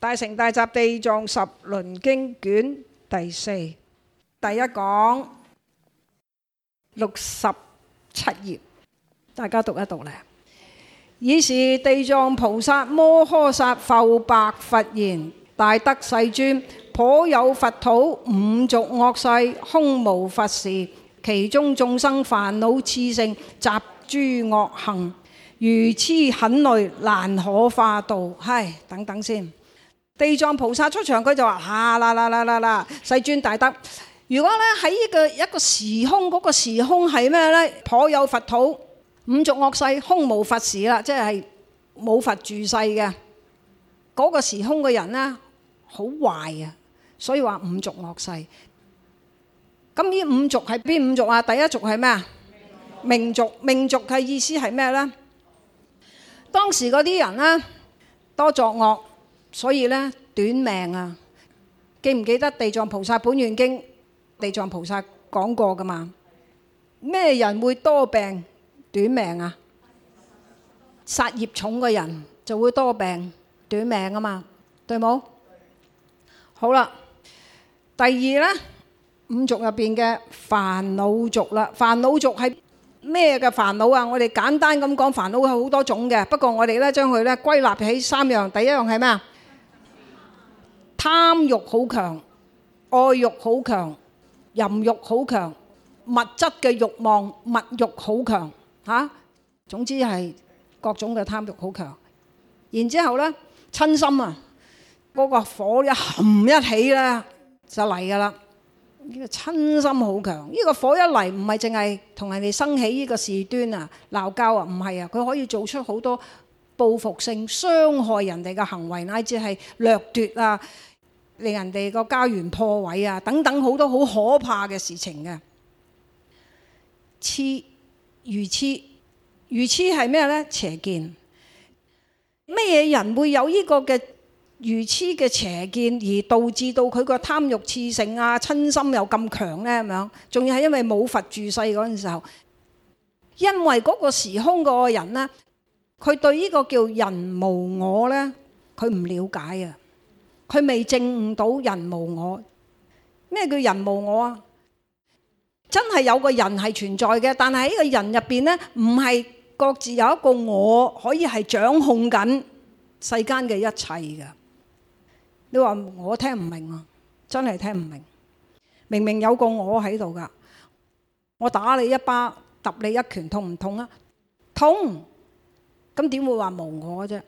大乘大集地藏十輪經卷第四第一講六十七頁，大家讀一讀呢。爾時地藏菩薩摩訶薩，復白佛言，大德世尊，頗有佛土五濁惡世，空無佛時，其中眾生煩惱熾盛習諸惡行，愚癡佷戾，難可化導。唉，等等先。地藏菩薩出場，佢就話：哈、啊、啦啦啦啦啦，世尊大德。如果咧喺一個一個時空嗰，那個時空係咩呢？頗有佛土，五濁惡世，空無佛時啦，即係冇佛住世嘅嗰，那個時空嘅人呢，好壞啊！所以話五濁惡世。咁呢五濁係邊五濁啊？第一濁係咩啊？命濁，命濁嘅意思係咩呢？當時嗰啲人呢，多作惡。所以呢，短命啊！記唔記得地藏菩薩本願經？地藏菩薩講過㗎嘛？咩人會多病短命啊？殺業重嘅人就會多病短命啊嘛，對冇？好啦，第二呢，五族入邊嘅煩惱族啦，煩惱族係咩嘅煩惱啊？我哋簡單咁講，煩惱係好多種嘅，不過我哋呢，將佢呢歸納起三樣，第一樣係咩啊？貪欲好強，愛欲好強，淫欲好強，物質嘅慾望物欲好強嚇。總之係各種嘅貪欲好強。然之後咧，瞋心啊，嗰個火一冚一起咧就嚟㗎啦。呢個瞋心好強，呢個火一嚟，唔係淨係同人哋生起呢個事端啊、鬧交啊，唔係啊，佢可以做出好多報復性傷害人哋嘅行為，乃至係掠奪啊。令人哋個家園破毀啊！等等好多好可怕嘅事情嘅。痴愚痴愚痴係咩呢？邪見。咩嘢人會有呢個嘅愚癡嘅邪見，而導致到佢個貪欲熾盛啊，親心又咁強呢？咁樣，仲要係因為冇佛住世嗰陣時候，因為嗰個時空嗰個人呢，佢對呢個叫人無我呢，佢唔了解啊。佢未證悟到人無我，咩叫人無我啊？真係有個人係存在嘅，但係喺個人入邊呢，唔係各自有一個我可以係掌控緊世間嘅一切㗎。你話我聽唔明啊？真係聽唔明。明明有個我喺度噶，我打你一巴，揼你一拳，痛唔痛啊？痛，咁點會話無我嘅啫？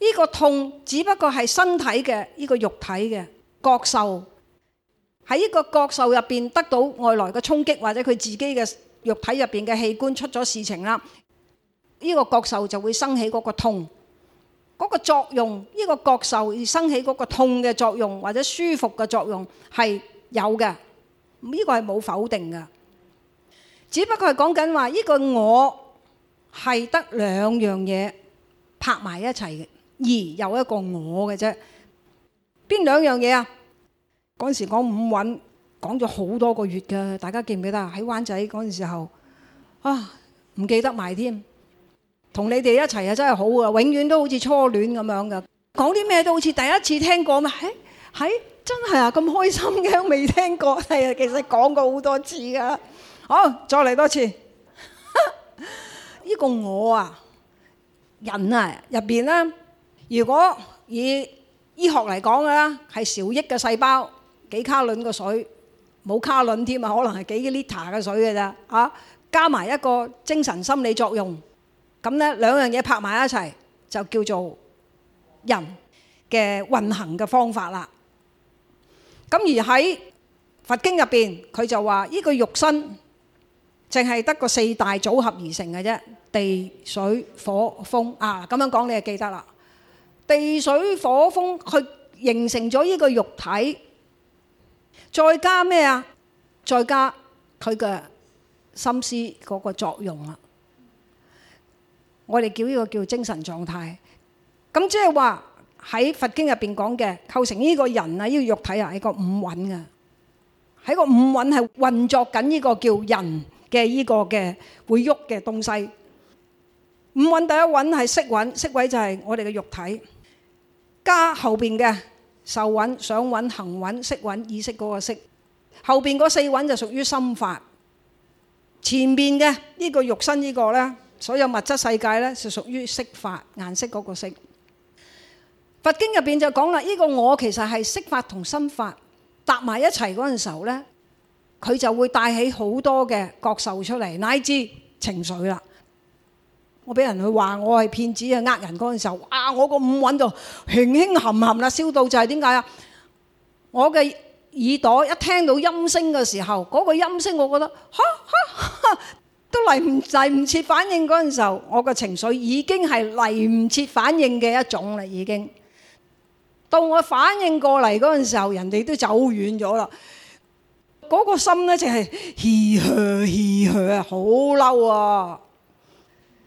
呢個痛只不過係身體嘅，呢個肉體嘅覺受，喺呢個覺受入邊得到外來嘅衝擊，或者佢自己嘅肉體入邊嘅器官出咗事情啦，呢個覺受就會生起嗰個痛。嗰個作用，呢個覺受而生起嗰個痛嘅作用或者舒服嘅作用係有嘅，呢個係冇否定嘅。只不過係講緊話，呢個我係得兩樣嘢拍埋一齊嘅。而有一個我嘅啫，邊兩樣嘢啊？嗰陣時講五蘊講咗好多個月㗎，大家記唔記得啊？喺灣仔嗰陣時候啊，唔記得埋添。同你哋一齊啊，真係好啊，永遠都好似初戀咁樣㗎。講啲咩都好似第一次聽過咩？喺真係啊，咁開心嘅，未聽過係啊，其實講過好多次噶。好，再嚟多次。呢個我啊，人啊入邊咧。如果以醫學嚟講啦，係少億嘅細胞，幾卡倫嘅水，冇卡倫添啊，可能係幾 liter 嘅水嘅啫啊，加埋一個精神心理作用，咁呢兩樣嘢拍埋一齊，就叫做人嘅運行嘅方法啦。咁而喺佛經入邊，佢就話呢個肉身淨係得個四大組合而成嘅啫，地水火風啊，咁樣講你就記得啦。地水火風，佢形成咗依個肉體，再加咩啊？再加佢嘅心思嗰個作用啊！我哋叫依個叫精神狀態。咁即係話喺佛經入邊講嘅，構成依個人啊、依個肉體啊，係一個五蘊嘅。喺個五蘊係運作緊依個叫人嘅依個嘅會喐嘅東西。五蘊第一蘊係色蘊，色蘊就係我哋嘅肉體。加後邊嘅受蘊想蘊行蘊識蘊意識嗰個識，後邊嗰四蘊就屬於心法；前邊嘅呢個肉身呢個呢，所有物質世界呢，就屬於色法，顏色嗰個色。佛經入邊就講啦，呢個我其實係色法同心法搭埋一齊嗰陣時候呢，佢就會帶起好多嘅覺受出嚟，乃至情緒啦。我俾人去話我係騙子啊，呃人嗰陣時候，哇！我個五穩就輕輕冚冚啦，燒到就係點解啊？我嘅耳朵一聽到音聲嘅時候，嗰個音聲我覺得嚇嚇嚇，都嚟唔嚟唔切反應嗰陣時候，我嘅情緒已經係嚟唔切反應嘅一種啦，已經。到我反應過嚟嗰陣時候，人哋都走遠咗啦。嗰個心呢就係氣噏氣噏啊，好嬲啊！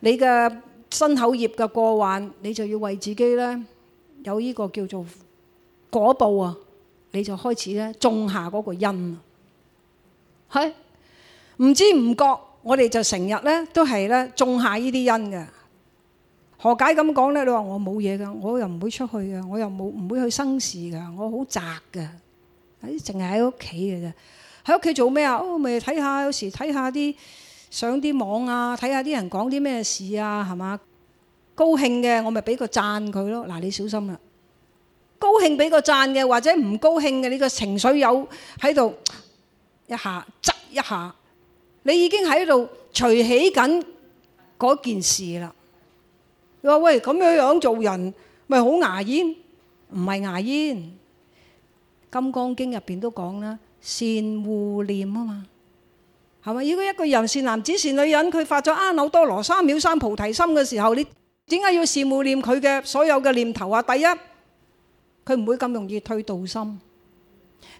你嘅身口業嘅過患，你就要為自己咧有呢個叫做果報啊！你就開始咧種下嗰個因啊，係唔知唔覺，我哋就成日咧都係咧種下呢啲因嘅。何解咁講咧？你話我冇嘢嘅，我又唔會出去嘅，我又冇唔會去生事嘅，我好宅嘅，誒淨係喺屋企嘅啫。喺屋企做咩啊？哦，咪睇下，有時睇下啲。上啲網啊，睇下啲人講啲咩事啊，係嘛？高興嘅我咪俾個讚佢咯。嗱、啊，你小心啦、啊！高興俾個讚嘅，或者唔高興嘅，你個情緒有喺度一下窒一,一下，你已經喺度隨起緊嗰件事啦。你話喂咁樣樣做人，咪好牙煙？唔係牙煙，《金剛經》入邊都講啦，善護念啊嘛。係咪？如果一個人是男子是女人，佢發咗阿耨多羅三藐三菩提心嘅時候，你點解要善護念佢嘅所有嘅念頭啊？第一，佢唔會咁容易退道心；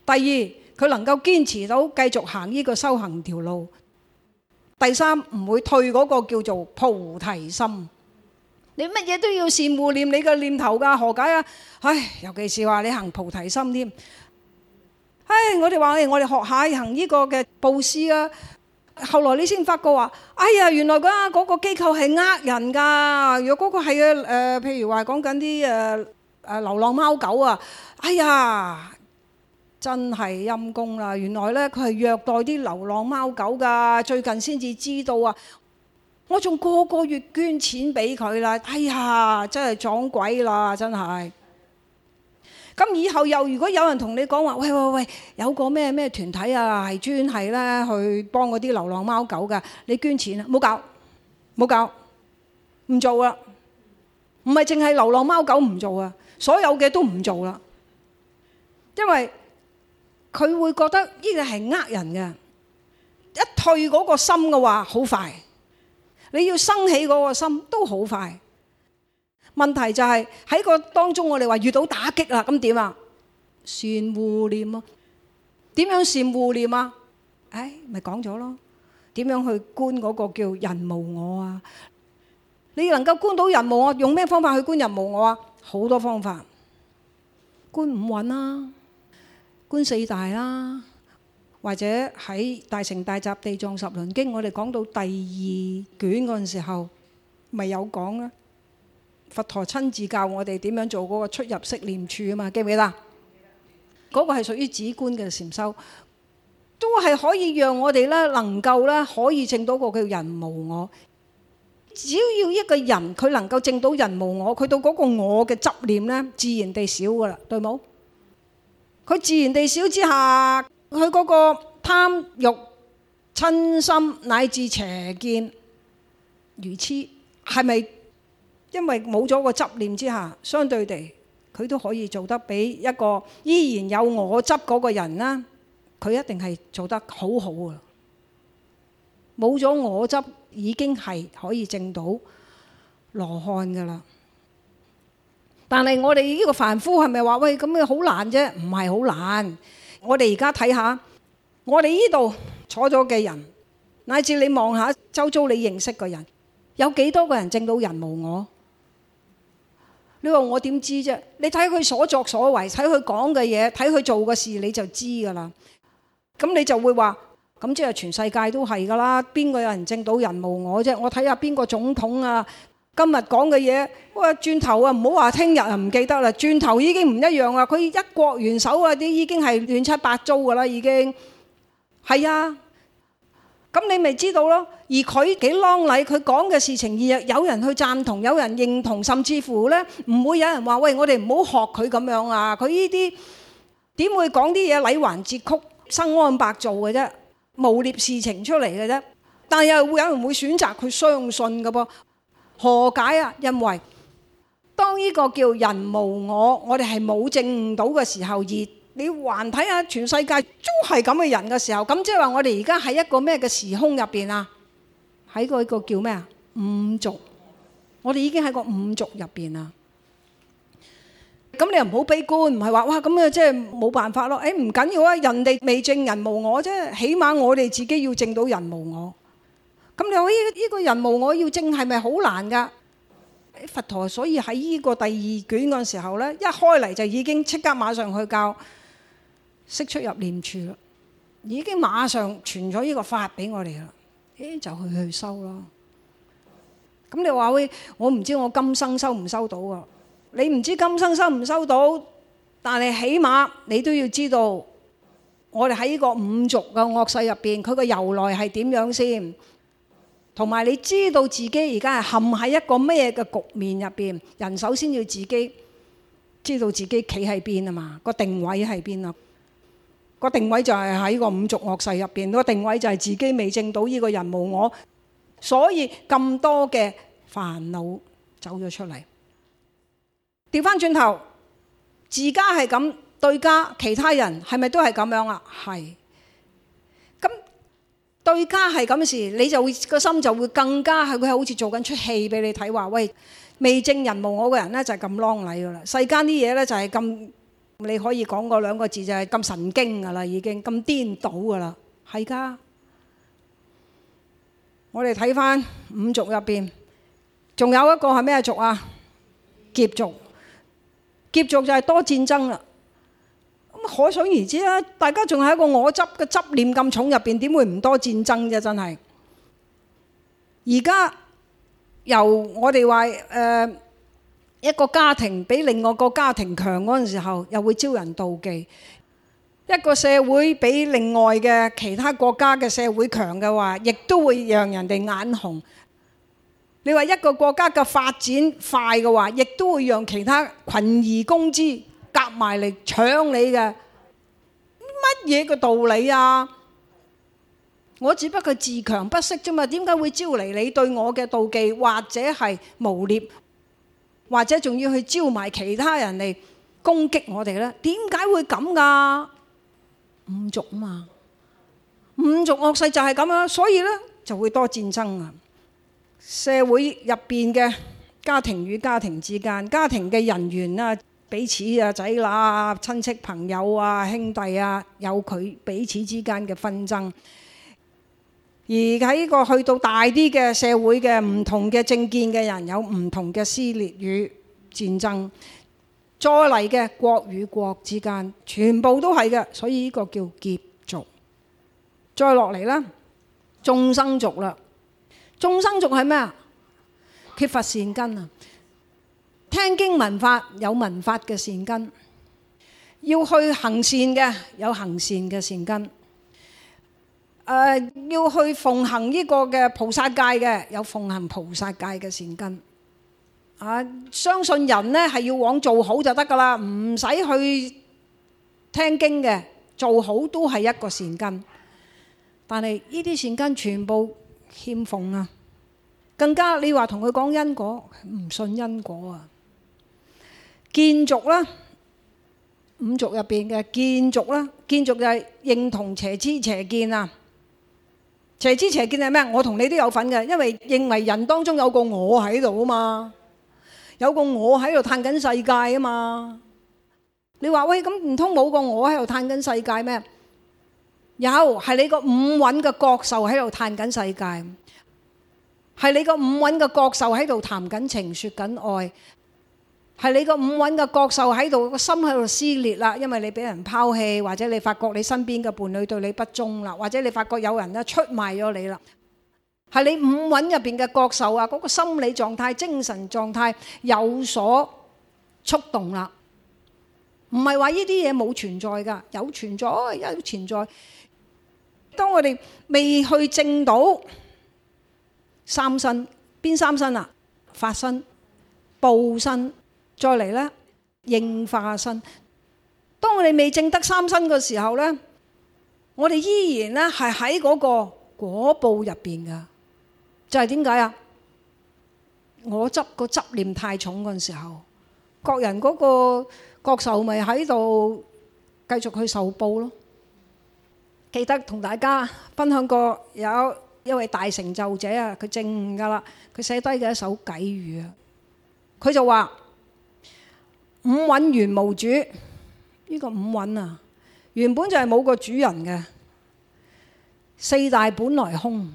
第二，佢能夠堅持到繼續行呢個修行條路；第三，唔會退嗰個叫做菩提心。你乜嘢都要善護念你嘅念頭㗎？何解啊？唉，尤其是話你行菩提心添。唉，我哋話：唉，我哋學下行呢個嘅布施啊！後來你先發覺話，哎呀，原來嗰個機構係呃人㗎。如果嗰個係誒，譬如話講緊啲誒誒流浪貓狗啊，哎呀，真係陰公啦！原來呢，佢係虐待啲流浪貓狗㗎。最近先至知道啊，我仲個個月捐錢俾佢啦。哎呀，真係撞鬼啦，真係！咁以後又如果有人同你講話，喂喂喂，有個咩咩團體啊，係專係咧去幫嗰啲流浪貓狗噶，你捐錢啊，冇搞，冇搞，唔做啦。唔係淨係流浪貓狗唔做啊，所有嘅都唔做啦。因為佢會覺得呢個係呃人嘅，一退嗰個心嘅話好快，你要生起嗰個心都好快。問題就係、是、喺個當中，我哋話遇到打擊啦，咁點啊？善護念啊？點樣善護念啊？誒、哎，咪講咗咯？點樣去觀嗰個叫人無我啊？你能夠觀到人無我，用咩方法去觀人無我啊？好多方法，觀五蘊啦、啊，觀四大啦、啊，或者喺《大乘大集地藏十輪經》，我哋講到第二卷嗰陣時候，咪有講啦。佛陀親自教我哋點樣做嗰個出入息念處啊嘛，記唔記得？嗰 個係屬於止觀嘅禪修，都係可以讓我哋咧能夠咧可以證到個叫人無我。只要一個人佢能夠證到人無我，佢到嗰個我嘅執念咧，自然地少噶啦，對冇？佢自然地少之下，佢嗰個貪欲、瞋心乃至邪見，愚痴，係咪？因為冇咗個執念之下，相對地佢都可以做得比一個依然有我執嗰個人啦，佢一定係做得好好啊！冇咗我執已經係可以證到羅漢㗎喇。但係我哋呢個凡夫係咪話喂咁嘅好難啫？唔係好難。我哋而家睇下，我哋呢度坐咗嘅人，乃至你望下周遭你認識嘅人，有幾多個人證到人無我？你話我點知啫？你睇佢所作所為，睇佢講嘅嘢，睇佢做嘅事，你就知㗎啦。咁你就會話：咁即係全世界都係㗎啦。邊個有人正到人冇我啫？我睇下邊個總統啊，今日講嘅嘢，喂，轉頭啊，唔好話聽日啊，唔記得啦。轉頭已經唔一樣啦。佢一國元首啊，啲已經係亂七八糟㗎啦，已經係啊。咁你咪知道咯，而佢幾啷禮，佢講嘅事情而有人去贊同，有人認同，甚至乎呢唔會有人話：喂，我哋唔好學佢咁樣啊！佢呢啲點會講啲嘢？禮還節曲，生安白做嘅啫，誣衊事情出嚟嘅啫。但係又會有人會選擇佢相信嘅噃，何解啊？因為當呢個叫人無我，我哋係冇證到嘅時候熱。你還睇下全世界都係咁嘅人嘅時候，咁即係話我哋而家喺一個咩嘅時空入邊啊？喺個個叫咩啊？五濁，我哋已經喺個五濁入邊啦。咁你又唔好悲觀，唔係話哇咁啊，即係冇辦法咯。誒唔緊要啊，人哋未證人無我啫，起碼我哋自己要證到人無我。咁你話呢個人無我要證係咪好難噶？哎？佛陀所以喺呢個第二卷嗰陣時候呢，一開嚟就已經即刻馬上去教。識出入念處咯，已經馬上傳咗呢個法俾我哋啦。誒，就去去收咯。咁你話會，我唔知我今生收唔收到啊？你唔知今生收唔收到，但係起碼你都要知道，我哋喺呢個五濁嘅惡世入邊，佢個由來係點樣先？同埋你知道自己而家係陷喺一個咩嘅局面入邊？人首先要自己知道自己企喺邊啊嘛，個定位喺邊啊？個定位就係喺個五濁惡世入邊，個定位就係自己未證到呢個人無我，所以咁多嘅煩惱走咗出嚟。調翻轉頭，自家係咁，對家其他人係咪都係咁樣啊？係。咁對家係咁時，你就會個心就會更加係佢係好似做緊出戲俾你睇，話喂未證人無我個人咧就係咁啷禮㗎喇，世間啲嘢咧就係咁。你可以講嗰兩個字就係咁神經噶啦，已經咁顛倒噶啦，係噶。我哋睇翻五族入邊，仲有一個係咩族啊？羯族，羯族就係多戰爭啦。咁可想而知啦，大家仲喺一個我執嘅執念咁重入邊，點會唔多戰爭啫？真係。而家由我哋話誒。一個家庭比另外一個家庭強嗰陣時候，又會招人妒忌；一個社會比另外嘅其他國家嘅社會強嘅話，亦都會讓人哋眼紅。你話一個國家嘅發展快嘅話，亦都會讓其他群而攻之夾埋嚟搶你嘅乜嘢個道理啊？我只不過自強不息啫嘛，點解會招嚟你對我嘅妒忌或者係謀逆？或者仲要去招埋其他人嚟攻擊我哋咧？點解會咁噶？五濁啊嘛，五濁惡世就係咁啦，所以呢，就會多戰爭啊！社會入邊嘅家庭與家庭之間、家庭嘅人員啊，彼此啊仔乸、親戚朋友啊、兄弟啊，有佢彼此之間嘅紛爭。而喺個去到大啲嘅社會嘅唔同嘅政見嘅人，有唔同嘅撕裂與戰爭，再嚟嘅國與國之間全部都係嘅，所以呢個叫劫濁。再落嚟啦，眾生濁啦，眾生濁係咩啊？缺乏善根啊！聽經聞法有聞法嘅善根，要去行善嘅有行善嘅善根。誒、呃、要去奉行呢個嘅菩薩戒嘅，有奉行菩薩戒嘅善根啊！相信人呢係要往做好就得噶啦，唔使去聽經嘅，做好都係一個善根。但係呢啲善根全部欠奉啊！更加你話同佢講因果，唔信因果啊！見濁啦，五濁入邊嘅見濁啦，見濁就係認同邪知邪見啊！邪知邪見係咩？我同你都有份嘅，因為認為人當中有個我喺度啊嘛，有個我喺度嘆緊世界啊嘛。你話喂，咁唔通冇個我喺度嘆緊世界咩？有，係你個五蘊嘅覺受喺度嘆緊世界，係你個五蘊嘅覺受喺度談緊情、説緊愛。係你個五蘊嘅角獸喺度，個心喺度撕裂啦。因為你俾人拋棄，或者你發覺你身邊嘅伴侶對你不忠啦，或者你發覺有人咧出賣咗你啦。係你五蘊入邊嘅角獸啊，嗰個心理狀態、精神狀態有所觸動啦。唔係話呢啲嘢冇存在噶，有存在，有存在。當我哋未去證到三身，邊三身啊？法身、報身。再嚟咧，應化身。當我哋未證得三身嘅時候咧，我哋依然咧係喺嗰個果報入邊嘅。就係點解啊？我執個執念太重嗰陣時候，各人嗰個各愁咪喺度繼續去受報咯。記得同大家分享過有一位大成就者啊，佢正噶啦，佢寫低嘅一首偈語啊，佢就話。五蘊原無主，呢、這個五蘊啊，原本就係冇個主人嘅。四大本來空，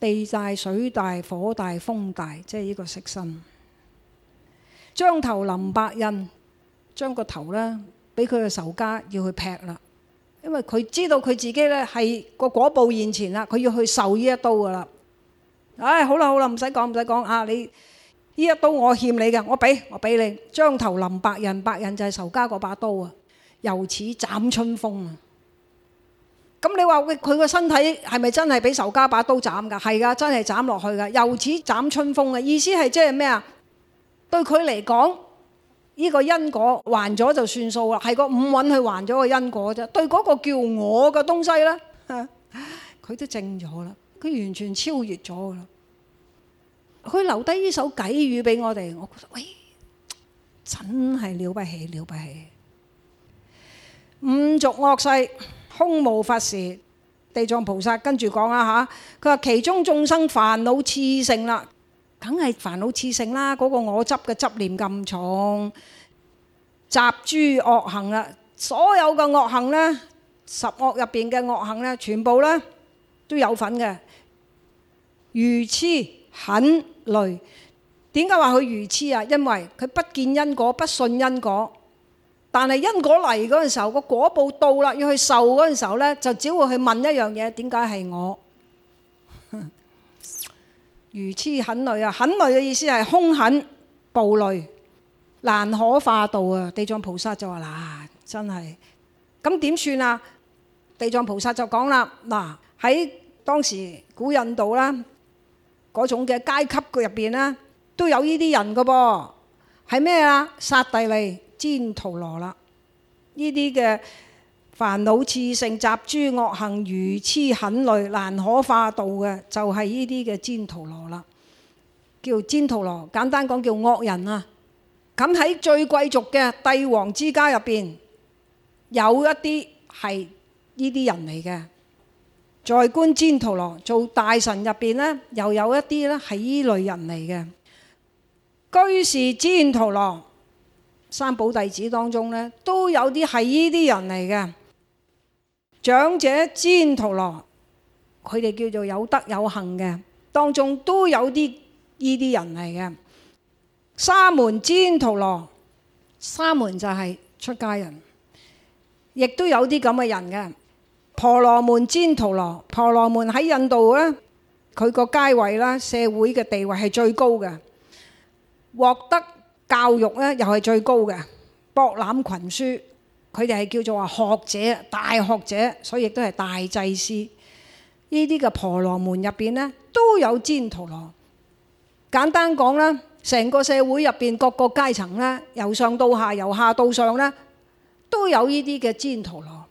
地大、水大、火大、風大，即係呢個色身。將頭臨白刃，將個頭呢，俾佢嘅仇家要去劈啦，因為佢知道佢自己呢，係個果報現前啦，佢要去受呢一刀噶啦。唉、哎，好啦好啦，唔使講唔使講啊，你。呢一刀我欠你嘅，我俾我俾你，將頭臨白刃，白刃就係仇家嗰把刀啊！猶似斬春風啊！咁、嗯、你話佢佢個身體係咪真係俾仇家把刀斬㗎？係㗎，真係斬落去㗎！猶似斬春風嘅意思係即係咩啊？對佢嚟講，呢、這個因果還咗就算數啦，係個五蘊去還咗個因果啫。對嗰個叫我嘅東西呢，佢、啊、都靜咗啦，佢完全超越咗啦。佢留低呢首偈語俾我哋，我覺得喂，真係了不起，了不起！五濁惡世，空無佛時，地藏菩薩跟住講啊嚇，佢話其中眾生煩惱熾盛啦，梗係煩惱熾盛啦，嗰個我執嘅執念咁重，習諸惡行啦，所有嘅惡行咧，十惡入邊嘅惡行咧，全部咧都有份嘅，愚癡、狠。戾，點解話佢愚癡啊？因為佢不見因果，不信因果。但係因果嚟嗰陣時候，個果報到啦，要去受嗰陣時候呢，就只會去問一樣嘢：點解係我？ 愚癡佷戾啊！佷戾嘅意思係凶狠暴戾，難可化導啊！地藏菩薩就話啦、啊：真係，咁點算啊？地藏菩薩就講啦：嗱、啊，喺當時古印度啦。嗰種嘅階級入邊呢，都有呢啲人嘅噃，係咩啊？剎帝利、旃荼羅啦，呢啲嘅煩惱、熾盛、習諸惡行、愚癡、佷戾、難可化導嘅，就係呢啲嘅旃荼羅啦。叫旃荼羅，簡單講叫惡人啊。咁喺最貴族嘅帝王之家入邊，有一啲係呢啲人嚟嘅。在宰官旃荼羅，做大臣入邊呢，又有一啲呢係呢類人嚟嘅。居士旃荼羅，三寶弟子當中呢，都有啲係呢啲人嚟嘅。長者旃荼羅，佢哋叫做「有德有行」嘅，當中都有啲呢啲人嚟嘅。沙門旃荼羅，沙門就係出家人，亦都有啲咁嘅人嘅。婆羅門旃荼羅，婆羅門喺印度呢，佢個階位啦、社會嘅地位係最高嘅，獲得教育呢，又係最高嘅，博覽群書，佢哋係叫做話學者、大學者，所以亦都係大祭司。呢啲嘅婆羅門入邊呢，都有旃荼羅。簡單講啦，成個社會入邊各個階層呢，由上到下，由下到上呢，都有呢啲嘅旃荼羅。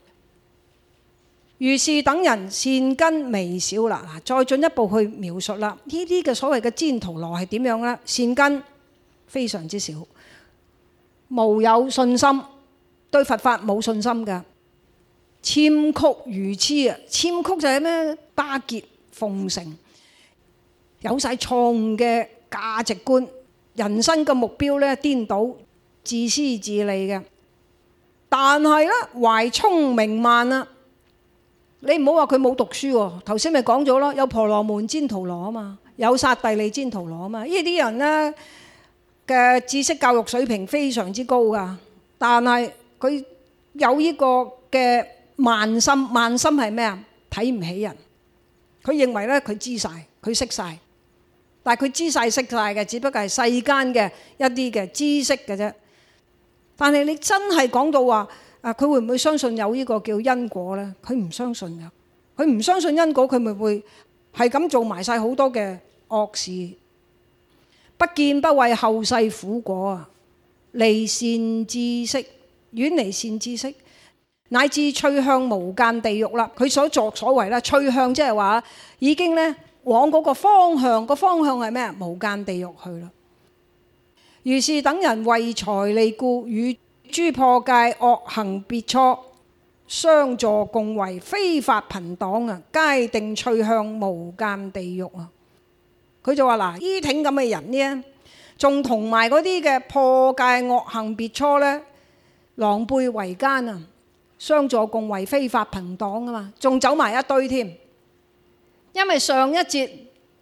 如是等人善根微少啦，再進一步去描述啦。呢啲嘅所謂嘅旃荼羅係點樣呢？善根非常之少，無有信心，對佛法冇信心嘅，諂曲愚癡啊！諂曲就係咩？巴結奉承，有晒錯誤嘅價值觀，人生嘅目標呢顛倒，自私自利嘅。但係呢，懷聰明慢啊！你唔好話佢冇讀書喎、哦，頭先咪講咗咯，有婆羅門旃荼羅啊嘛，有剎帝利旃荼羅啊嘛，呢啲人呢嘅知識教育水平非常之高噶，但係佢有呢個嘅慢心，慢心係咩啊？睇唔起人，佢認為呢，佢知晒，佢識晒。但係佢知晒識晒嘅，只不過係世間嘅一啲嘅知識嘅啫。但係你真係講到話。啊！佢會唔會相信有呢個叫因果呢？佢唔相信噶，佢唔相信因果，佢咪會係咁做埋晒好多嘅惡事，不見不畏後世苦果啊！離善知識，遠離善知識，乃至趣向無間地獄啦！佢所作所為啦，趣向即係話已經呢往嗰個方向，個方向係咩啊？無間地獄去啦！如是等人為財利故與諸破戒惡行苾芻，相助共為非法朋黨啊！皆定趣向無間地獄啊！佢就話嗱，依挺咁嘅人呢，仲同埋嗰啲嘅破戒惡行苾芻呢，狼狽為奸啊！相助共為非法朋黨啊嘛，仲走埋一堆添。因為上一節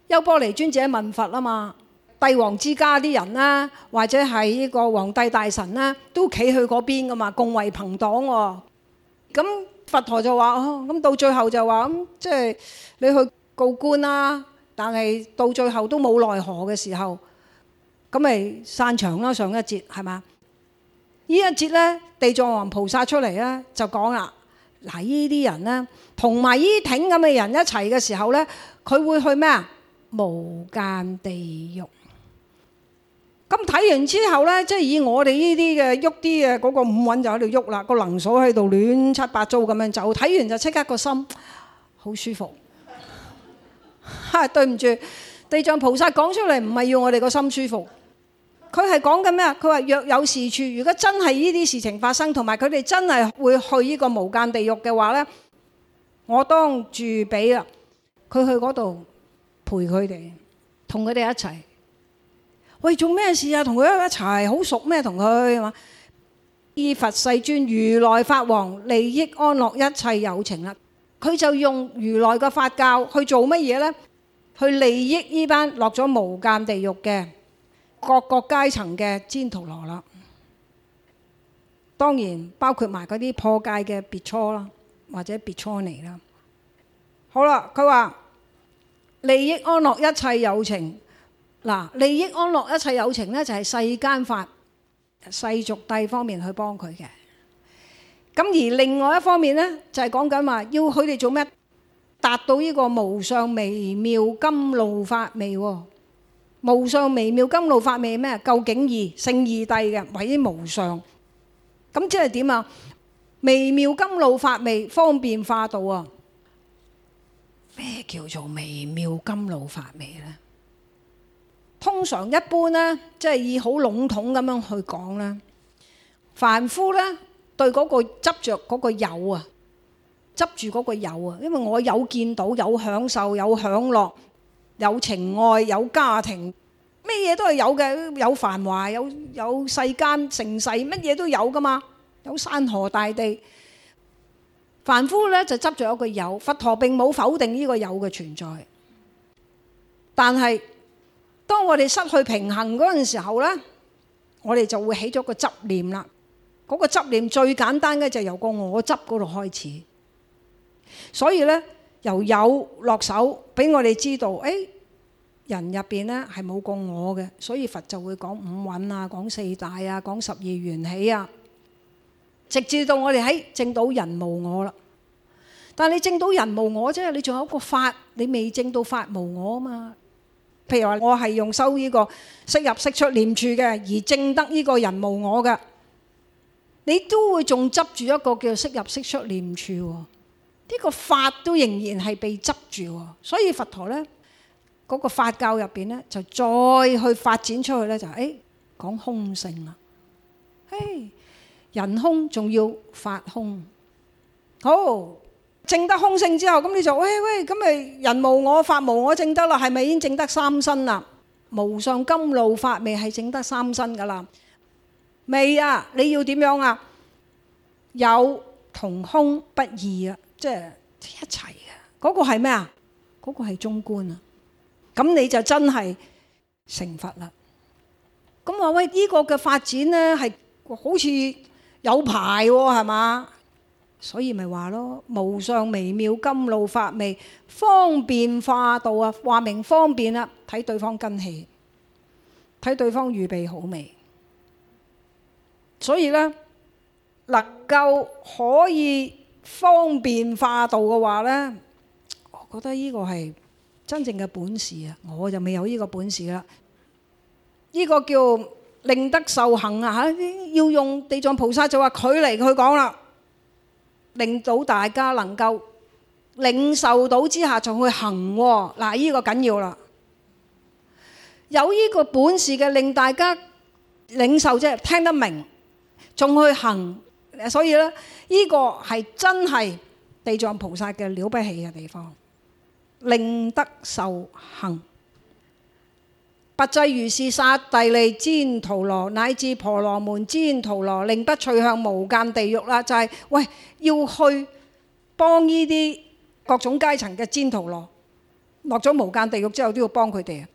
邱波尼尊者問佛啊嘛。帝王之家啲人啦，或者係呢個皇帝大臣啦，都企去嗰邊噶嘛，共為朋黨喎。咁佛陀就話：「哦，咁到最後就話咁，即係你去告官啦，啊。但係到最後都冇奈何嘅時候，咁咪散場啦。上一節係嘛？一節呢一節咧，地藏王菩薩出嚟咧，就講啦。嗱，呢啲人咧，同埋依挺咁嘅人一齊嘅時候咧，佢會去咩啊？無間地獄。咁睇完之後咧，即係以我哋呢啲嘅喐啲嘅嗰個五揾就喺度喐啦，個能鎖喺度亂七八糟咁樣走。睇完就即刻個心好舒服。嚇，對唔住，地藏菩薩講出嚟唔係要我哋個心舒服，佢係講緊咩？佢話若有是處，如果真係呢啲事情發生，同埋佢哋真係會去呢個無間地獄嘅話咧，我當住彼啦，佢去嗰度陪佢哋，同佢哋一齊。喂，做咩事啊？同佢一齊好熟咩？同佢嘛？以佛世尊，如來法王，利益安樂一切有情啦。佢就用如來嘅法教去做乜嘢呢？去利益呢班落咗無間地獄嘅各個階層嘅旃荼羅啦。當然包括埋嗰啲破戒嘅苾芻啦，或者苾芻尼啦。好啦，佢話利益安樂一切有情。嗱，利益安樂一切有情咧，就係世間法、世俗帝方面去幫佢嘅。咁而另外一方面咧，就係講緊話要佢哋做咩？達到呢個無上微妙甘露法味喎。無上微妙甘露法味咩？究竟二聖二帝嘅，為於無上。咁即係點啊？微妙甘露法味方便化導啊！咩叫做微妙甘露法味咧？通常一般呢，即係以好籠統咁樣去講啦。凡夫呢對嗰個執著嗰個有啊，執住嗰個有啊，因為我有見到，有享受，有享樂，有情愛，有家庭，咩嘢都係有嘅，有繁華，有有世間盛世，乜嘢都有噶嘛，有山河大地。凡夫呢就執著一個有，佛陀並冇否定呢個有嘅存在，但係。當我哋失去平衡嗰陣時候呢，我哋就會起咗個執念啦。嗰個執念最簡單嘅就由個我執嗰度開始。所以呢，由有落手俾我哋知道，誒，人入邊呢係冇個我嘅。所以佛就會講五蘊啊，講四大啊，講十二緣起啊，直至到我哋喺證到人無我啦。但係你證到人無我啫，你仲有一個法，你未證到法無我啊嘛。譬如話，我係用修呢個息入息出念處嘅，而正得呢個人無我嘅，你都會仲執住一個叫做息入息出念處喎，呢個法都仍然係被執住喎，所以佛陀呢嗰個法教入邊呢就再去發展出去呢就誒講空性啦，嘿，人空仲要法空，哦。證得空性之後，咁你就喂喂，咁咪人無我法，無我證得啦，係咪已經證得三身啦？無上甘露法未係證得三身噶啦？未啊，你要點樣啊？有同空不二啊，即係一齊啊，嗰個係咩啊？嗰個係中觀啊，咁你就真係成佛啦。咁話喂，呢個嘅發展呢係好似有排係嘛？所以咪話咯，無上微妙甘露法味，方便化導啊！話明方便啊，睇對方根器，睇對方預備好未？所以呢，能夠可以方便化導嘅話呢，我覺得呢個係真正嘅本事啊！我就未有呢個本事啦。呢、這個叫令得受行啊嚇，要用地藏菩薩就話佢嚟去講啦。令到大家能夠領受到之下，仲去行嗱，呢個緊要啦。有呢個本事嘅，令大家領受，即係聽得明，仲去行。所以咧，呢個係真係地藏菩薩嘅了不起嘅地方，令得受行。拔濟如是，剎帝利、旃荼羅乃至婆羅門、旃荼羅，令不趣向無間地獄啦。就係、是、喂，要去幫呢啲各種階層嘅旃荼羅，落咗無間地獄之後都要幫佢哋啊。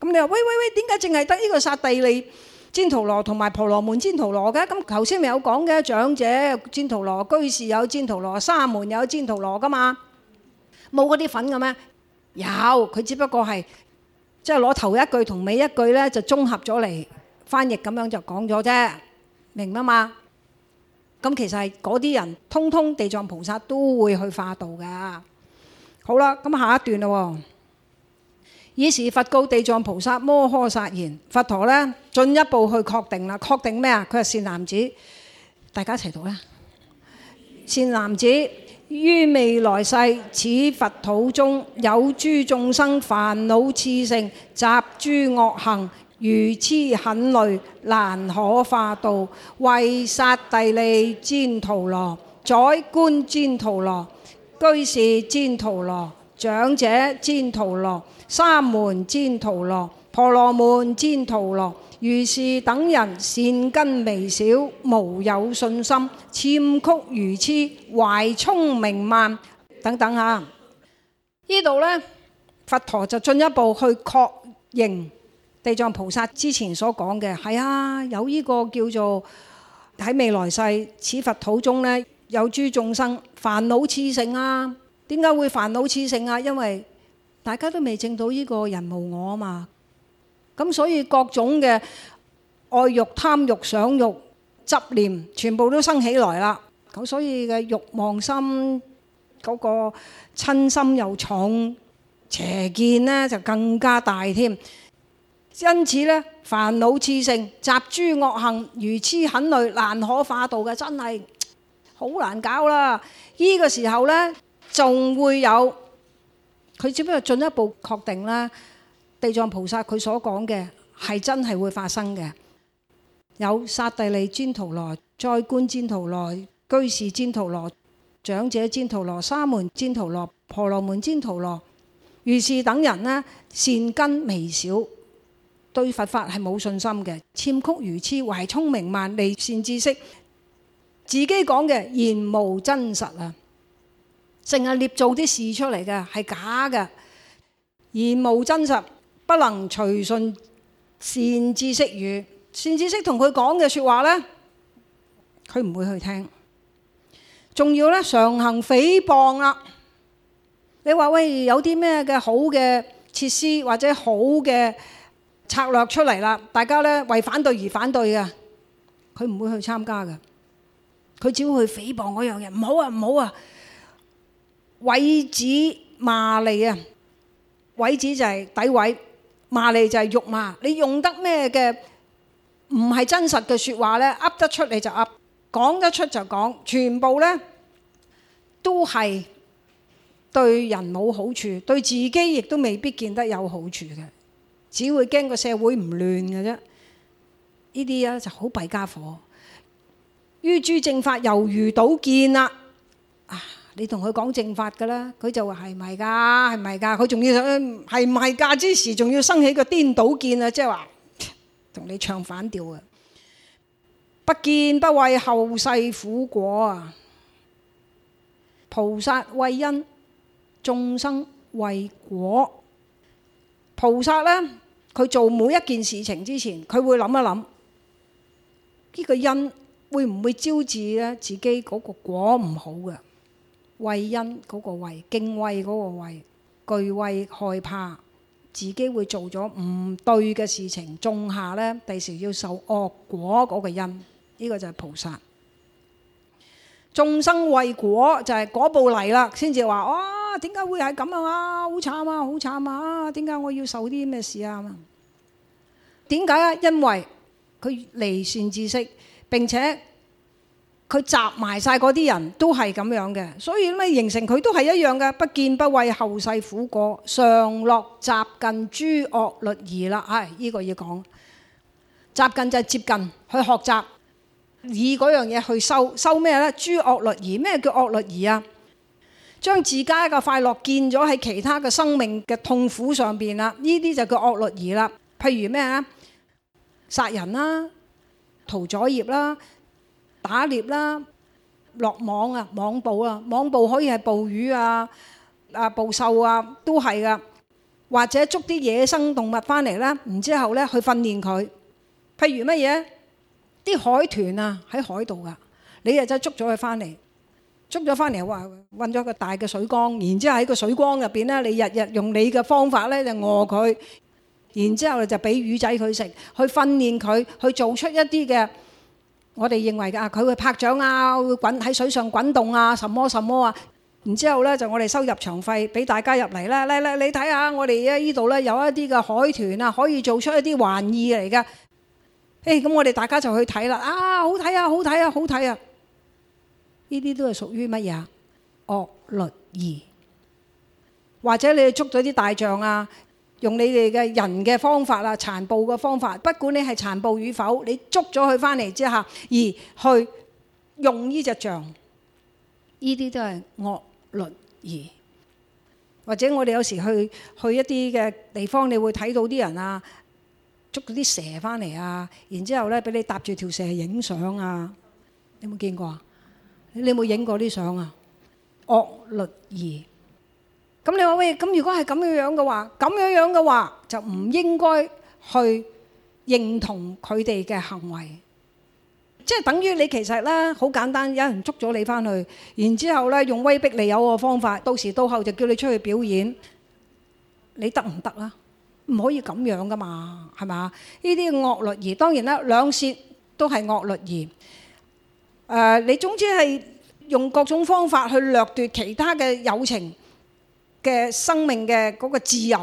咁你話喂喂喂，點解淨係得呢個剎帝利、旃荼羅同埋婆羅門、旃荼羅嘅？咁頭先咪有講嘅長者、旃荼羅、居士有旃荼羅、沙門有旃荼羅㗎嘛？冇嗰啲粉嘅咩？有，佢只不過係。即係攞頭一句同尾一句呢，就綜合咗嚟翻譯咁樣就講咗啫，明嘛嘛？咁其實嗰啲人，通通地藏菩薩都會去化導噶。好啦，咁下一段嘞。爾時佛告地藏菩薩摩訶薩言，佛陀呢，進一步去確定啦，確定咩啊？佢係善男子，大家一齊讀啦。善男子。於未來世，此佛土中有諸眾生煩惱刺，煩惱熾盛，習諸惡行，愚癡佷戾，難可化導，謂剎帝利旃荼羅，宰官旃荼羅，居士旃荼羅，長者旃荼羅，沙門旃荼羅。婆羅門旃荼羅，如是等人善根微少，無有信心，諂曲愚癡，懷聰明慢等等啊！呢度呢，佛陀就進一步去確認地藏菩薩之前所講嘅係啊，有呢個叫做喺未來世此佛土中呢，有諸眾生煩惱熾盛啊？點解會煩惱熾盛啊？因為大家都未證到呢個人無我啊嘛～咁所以各種嘅愛欲、貪欲、想欲、執念，全部都生起來啦。咁所以嘅慾望心嗰個親心又重，邪見咧就更加大添。因此咧，煩惱熾盛，習諸惡行，愚癡佷戾，難可化導嘅，真係好難搞啦。呢個時候咧，仲會有佢，只不過進一步確定啦。地藏菩薩佢所講嘅係真係會發生嘅，有剎帝利旃荼羅、再觀旃荼羅、居士旃荼羅、長者旃荼羅、沙門旃荼羅、婆羅門旃荼羅，如是等人呢，善根微少，對佛法係冇信心嘅，諂曲愚癡，懷聰明慢，離善知識，自己講嘅言無真實啊，淨係捏造啲事出嚟嘅係假嘅，言無真實。不能隨順善知識語，善知識同佢講嘅説話呢，佢唔會去聽。仲要呢，常行誹謗啊！你話喂，有啲咩嘅好嘅設施或者好嘅策略出嚟啦，大家呢，為反對而反對嘅，佢唔會去參加嘅。佢只會去誹謗嗰樣嘢，唔好啊，唔好啊，毀呰罵詈啊！毀呰就係詆毀。罵你就係辱罵，你用得咩嘅唔係真實嘅說話呢，噏得出嚟就噏，講得出就講，全部呢都係對人冇好處，對自己亦都未必見得有好處嘅，只會驚個社會唔亂嘅啫。呢啲咧就好弊家伙，於諸正法猶豫倒見啦。你同佢講正法噶啦，佢就話係咪噶？係咪噶？佢仲要係唔係噶之時，仲要生起個顛倒見啊！即係話同你唱反調啊！不見不畏後世苦果啊！菩薩為因，眾生為果。菩薩呢，佢做每一件事情之前，佢會諗一諗呢個因會唔會招致咧自己嗰個果唔好嘅？畏因嗰個畏，敬畏嗰個畏，懼畏害怕自己會做咗唔對嘅事情，種下咧，第時要受惡果嗰個因，呢個就係菩薩。眾生畏果就係果報嚟啦，先至話哇，點解會係咁啊？好慘啊！好慘啊！點解我要受啲咩事啊？點解啊？因為佢離善知識並且。佢集埋晒嗰啲人都係咁樣嘅，所以咁形成佢都係一樣嘅，不見不畏後世苦果，常樂習近諸惡律儀啦。唉，依、哎呢個要講習近就係接近去學習，以嗰樣嘢去收收咩呢？諸惡律儀，咩叫惡律儀啊？將自家一個快樂建咗喺其他嘅生命嘅痛苦上邊啦，依啲就叫惡律儀啦。譬如咩啊？殺人啦，屠咗業啦。打獵啦，落網，網，網啊，網捕啊，網捕可以係捕魚啊、啊捕獸啊，都係噶。或者捉啲野生動物翻嚟啦，然之後咧去訓練佢。譬如乜嘢？啲海豚啊，喺海度噶，你日就捉咗佢翻嚟，捉咗翻嚟，話揾咗個大嘅水缸，然之後喺個水缸入邊咧，你日日用你嘅方法咧就餓佢，然之後咧就俾魚仔佢食，去訓練佢，去做出一啲嘅。我哋認為啊，佢會拍掌啊，會滾喺水上滾動啊，什麼什麼啊，然之後呢就我哋收入場費，俾大家入嚟啦。嚟嚟，你睇下我哋呢度呢有一啲嘅海豚啊，可以做出一啲玩意嚟㗎。誒，咁我哋大家就去睇啦。啊，好睇啊，好睇啊，好睇啊！呢啲都係屬於乜嘢？惡律儀，或者你哋捉咗啲大象啊？用你哋嘅人嘅方法啦，殘暴嘅方法，不管你係殘暴與否，你捉咗佢翻嚟之下，而去用呢隻象，呢啲都係惡律儀。或者我哋有時去去一啲嘅地方，你會睇到啲人啊，捉啲蛇翻嚟啊，然之後咧俾你搭住條蛇影相啊，你有冇見過啊？你有冇影過啲相啊？惡律儀。咁你話喂，咁如果係咁樣樣嘅話，咁樣樣嘅話就唔應該去認同佢哋嘅行為，即係等於你其實呢好簡單，有人捉咗你返去，然之後呢用威逼利誘嘅方法，到時到後就叫你出去表演，你得唔得啊？唔可以咁樣噶嘛，係咪？呢啲惡律儀當然啦，兩説都係惡律儀。誒，你總之係用各種方法去掠奪其他嘅有情。嘅生命嘅嗰個自由，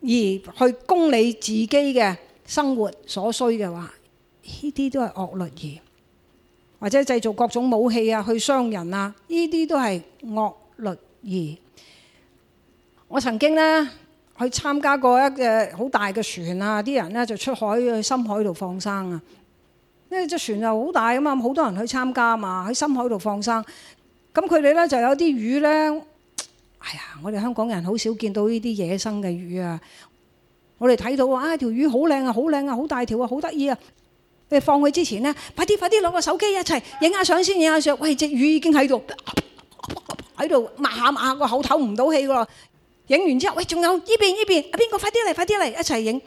而去供你自己嘅生活所需嘅話，呢啲都係惡律儀，或者製造各種武器啊，去傷人啊，呢啲都係惡律儀。我曾經呢去參加過一隻好大嘅船啊，啲人呢就出海去深海度放生啊，因為隻船又好大吖嘛，好多人去參加嘛，喺深海度放生，咁佢哋呢就有啲魚呢。哎呀，我哋香港人好少見到呢啲野生嘅魚啊！我哋睇到啊條魚好靚啊，好靚啊，好大條啊，好得意啊！你放佢之前呢，快啲快啲攞個手機一齊影下相先，影下相。喂，隻魚已經喺度喺度，抹下抹下，個口唞唔到氣㗎喇。影完之後，喂，仲有呢邊呢邊啊？邊個快啲嚟，快啲嚟，一齊影。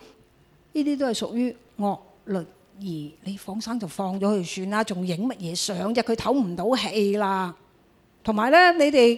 呢啲都係屬於惡律儀。你放生就放咗佢算啦，仲影乜嘢相啫？佢唞唔到氣啦。同埋呢，你哋。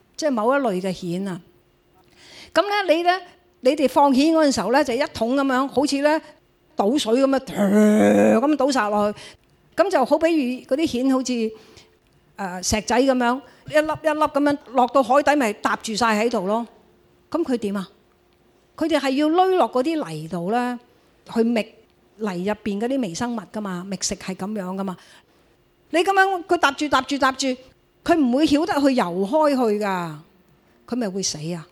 即係某一類嘅蜆啊，咁咧你咧你哋放蜆嗰陣時候咧，就一桶咁樣好似咧倒水咁樣，咁倒曬落去，咁就好比如嗰啲蜆好似誒石仔咁樣，一粒一粒咁樣落到海底，咪搭住曬喺度咯。咁佢點啊？佢哋係要攞落嗰啲泥度咧去覓泥入邊嗰啲微生物㗎嘛，覓食係咁樣㗎嘛。你咁樣佢搭住搭住搭住。佢唔會曉得去游開去噶，佢咪會死啊！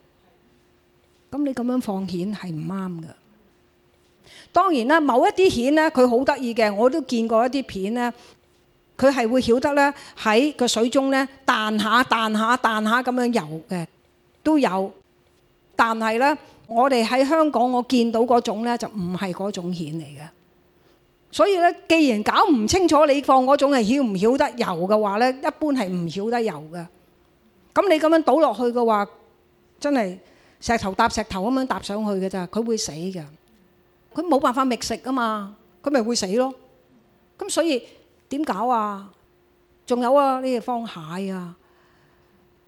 咁你咁樣放蜆係唔啱噶。當然啦，某一啲蜆咧，佢好得意嘅，我都見過一啲片咧，佢係會曉得咧喺個水中咧彈下彈下彈下咁樣游嘅都有。但係咧，我哋喺香港我見到嗰種咧就唔係嗰種蜆嚟嘅。所以咧，既然搞唔清楚你放嗰種係曉唔曉得游嘅話咧，一般係唔曉得游嘅。咁你咁樣倒落去嘅話，真係石頭搭石頭咁樣搭上去嘅咋，佢會死㗎。佢冇辦法覓食啊嘛，佢咪會死咯。咁所以點搞啊？仲有啊，呢啲方蟹啊，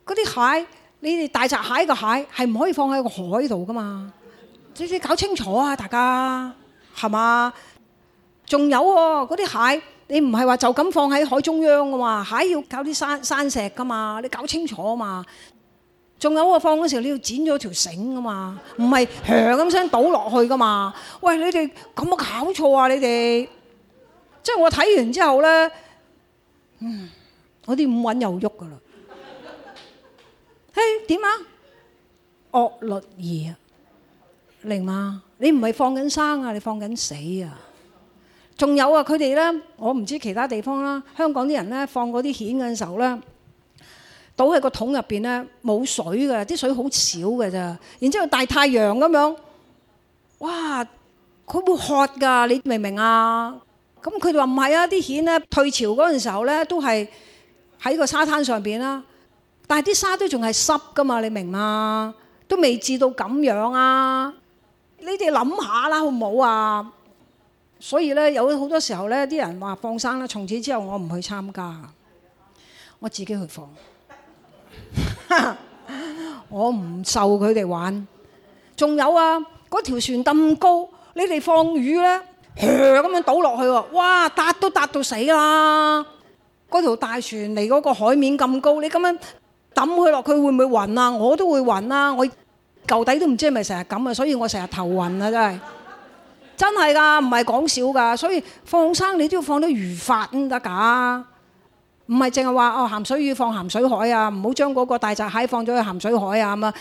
嗰啲蟹，你哋大閘蟹嘅蟹係唔可以放喺個海度噶嘛？至少搞清楚啊，大家係嘛？仲有喎，嗰啲蟹你唔係話就咁放喺海中央噶嘛？蟹要搞啲山山石噶嘛？你搞清楚啊嘛！仲有啊，放嗰時你要剪咗條繩噶嘛？唔係響咁聲倒落去噶嘛？喂，你哋有冇搞錯啊？你哋即係我睇完之後咧，我啲五蘊又喐噶啦。嘿，點啊？惡律儀啊，靈嘛？你唔係放緊生啊，你放緊死啊！仲有啊，佢哋咧，我唔知其他地方啦，香港啲人咧放嗰啲蜆嘅時候咧，倒喺個桶入邊咧冇水嘅，啲水好少㗎咋。然之後大太陽咁樣，哇，佢會渴㗎，你明唔明、嗯、啊？咁佢哋話唔係啊，啲蜆咧退潮嗰陣時候咧都係喺個沙灘上邊啦，但係啲沙都仲係濕㗎嘛，你明嘛？都未至到咁樣啊！你哋諗下啦，好唔好啊？所以咧，有好多時候咧，啲人話放生啦，從此之後我唔去參加，我自己去放。 我唔受佢哋玩。仲有啊，嗰條船咁高，你哋放魚咧，呃、咁樣倒落去喎，哇！揼都揼到死啦！嗰條大船離嗰個海面咁高，你咁樣揼佢落去會唔會暈啊？我都會暈啊！我舊底都唔知係咪成日咁啊，所以我成日頭暈啊，真係。真係㗎，唔係講笑㗎，所以放生你都要放啲魚法先得㗎，唔係淨係話哦鹹水魚放鹹水海啊，唔好將嗰個大閘蟹放咗去鹹水海啊咁啊，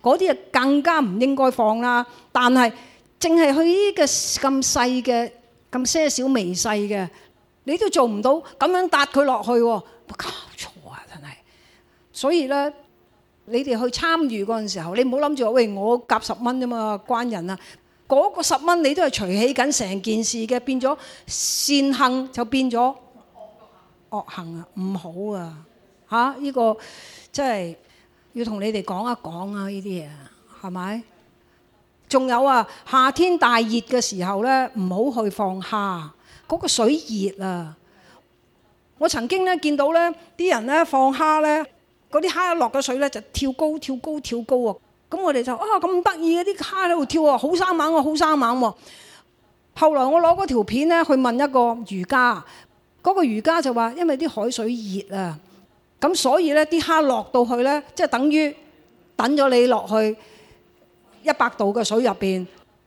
嗰啲啊更加唔應該放啦。但係淨係去呢個咁細嘅咁些少微細嘅，你都做唔到，咁樣搭佢落去，冇搞錯啊！真係，所以咧，你哋去參與嗰陣時候，你唔好諗住喂，我夾十蚊啫嘛，關人啊！嗰個十蚊你都係隨起緊成件事嘅，變咗善行就變咗惡行啊！唔好啊嚇！呢個即係要同你哋講一講啊，呢啲嘢係咪？仲有啊，夏天大熱嘅時候呢，唔好去放蝦，嗰個水熱啊！我曾經呢見到呢啲人呢，放蝦呢，嗰啲蝦一落個水呢，就跳高跳高跳高啊！咁我哋就啊，咁得意啊！啲蝦喺度跳啊，好生猛啊，好生猛喎、啊！後來我攞嗰條片咧去問一個漁家，嗰、嗰個漁家就話：因為啲海水熱啊，咁所以咧啲蝦落到去咧，即係等於等咗你落去一百度嘅水入邊，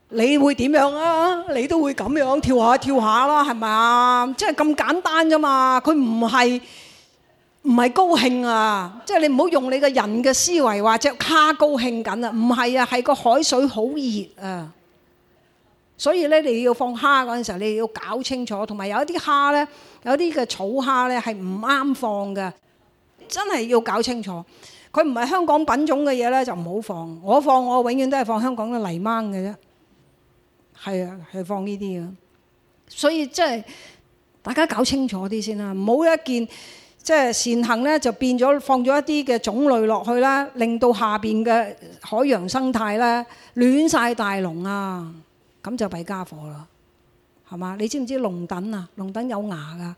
你會點樣啊？你都會咁樣跳下跳下啦，係咪啊？即係咁簡單啫嘛，佢唔係。唔係高興啊！即係你唔好用你個人嘅思維話隻蝦高興緊啊！唔係啊，係個海水好熱啊！所以呢，你要放蝦嗰陣時候，你要搞清楚，同埋有一啲蝦呢，有啲嘅草蝦呢係唔啱放嘅，真係要搞清楚。佢唔係香港品種嘅嘢呢就唔好放。我放我永遠都係放香港嘅泥掹嘅啫，係啊，係放呢啲啊。所以即係大家搞清楚啲先啦，冇一件。即係善行咧，就變咗放咗一啲嘅種類落去啦，令到下邊嘅海洋生態咧亂晒大龍啊，咁就弊家伙啦，係嘛？你知唔知龍躉啊？龍躉有牙噶，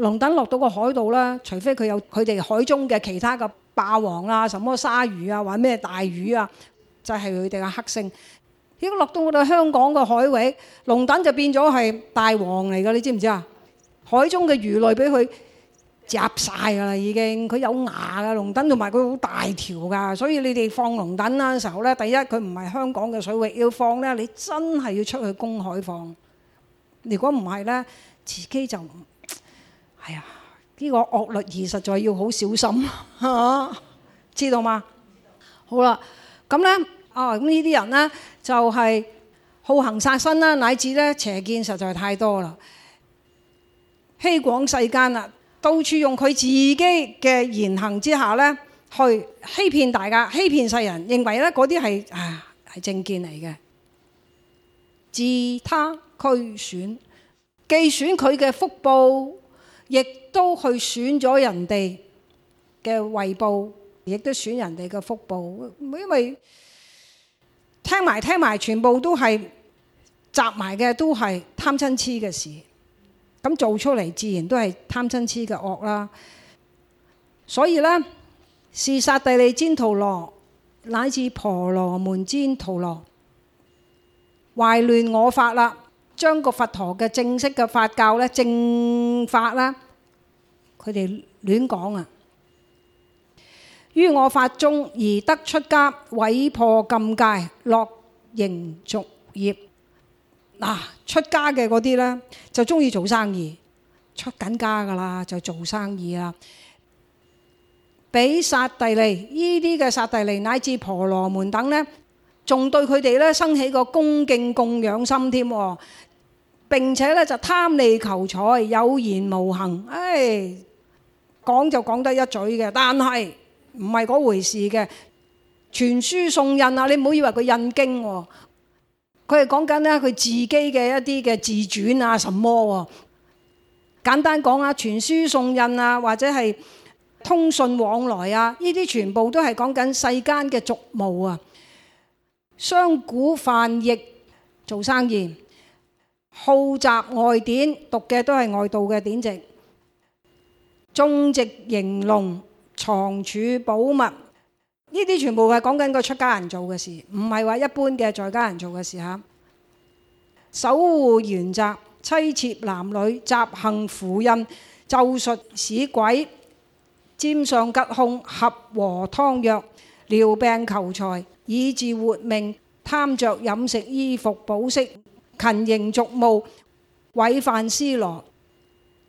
龍躉落到個海度咧，除非佢有佢哋海中嘅其他嘅霸王啊、什麼鯊魚啊，或者咩大魚啊，就係佢哋嘅黑星。已經落到我哋香港個海域，龍躉就變咗係大王嚟㗎，你知唔知啊？海中嘅魚類俾佢。夾晒噶啦，已經佢有牙噶龍躉，同埋佢好大條噶，所以你哋放龍躉啦嘅時候呢，第一佢唔係香港嘅水域要放呢，你真係要出去公海放。如果唔係呢，自己就哎呀，呢、這個惡律儀實在要好小心哈哈知道嗎？好啦，咁呢，啊、哦，咁呢啲人呢，就係、是、好行殺生啦，乃至呢，邪見實在太多啦，欺誑世間啦。到處用佢自己嘅言行之下，呢，去欺騙大家，欺騙世人，認為呢嗰啲係啊係正見嚟嘅，自他俱損，既損佢嘅福報，亦都去損咗人哋嘅遺報，亦都損人哋嘅福報，因為聽埋聽埋，全部都係集埋嘅，都係貪嗔痴嘅事。咁做出嚟自然都係貪嗔痴嘅惡啦，所以呢，是剎帝利旃荼羅乃至婆羅門旃荼羅，壞亂我法啦，將個佛陀嘅正式嘅法教呢，正法啦，佢哋亂講啊，於我法中而得出家，毀破禁戒，樂營俗業。嗱，出家嘅嗰啲咧，就中意做生意，出緊家噶啦就做生意啦。彼剎帝利，依啲嘅剎帝利乃至婆羅門等咧，仲對佢哋咧生起個恭敬供養心添喎。並且咧就貪利求財，有言無行，唉，講就講得一嘴嘅，但係唔係嗰回事嘅。傳書送印啊，你唔好以為佢印經喎。佢係講緊呢，佢自己嘅一啲嘅自傳啊，什麼、啊？簡單講啊，傳書送印啊，或者係通信往來啊，呢啲全部都係講緊世間嘅俗務啊。商賈販易做生意，好習外典讀嘅都係外道嘅典籍，種植營農，藏貯寶物。呢啲全部係講緊個出家人做嘅事，唔係話一般嘅在家人做嘅事嚇。守護園宅、妻妾男女、習行符印，咒術使鬼、占相吉凶，合和湯藥、療病求財，以自活命、貪着飲食衣服寶飾、勤營俗務、毀犯尸羅，